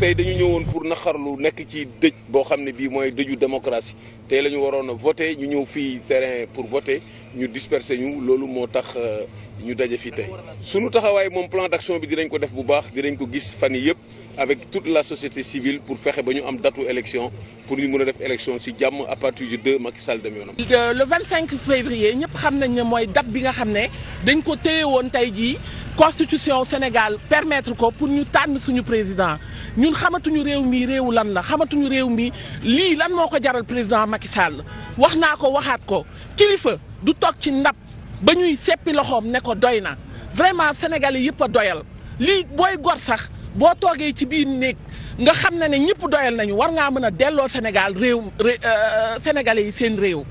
tey dañu ñëwoon pour naqarlu nekk ci dëj boo xam ne bii mooy dëju démocratie tey la ñu waroon a ñu ñëw fii terrain pour voté ñu dispersé ñu loolu moo tax euh, ñu daje fii tey. sunu taxawaay moom plan d'action bi dinañ ko def bu baax dinañ ko gis fan yi yëpp avec toute la société civile pour fexe ba ñu am datu élection pour ñu mën a def élection si jàmm à partir du 2 Macky Sall dem yoonam. le 25 février ñëpp xam nañ ne mooy date bi nga xam ne dañ ko téye woon tey jii. constitution Sénégal permettre ko pour ñu tànn suñu président ñun xamatuñu réew mii réew lan la xamatuñu réew mii lii lan moo ko jaral président Macky Sall wax naa ko waxaat ko kilifa du toog ci ndab ba ñuy seppi loxoom ne ko doy na vraiment sénégalais yëpp a doyal lii booy gor sax boo toogee ci biir néeg nga xam ne ne ñëpp doyal nañu war ngaa mën a delloo Sénégal réew euh, sénégalais yi seen réew.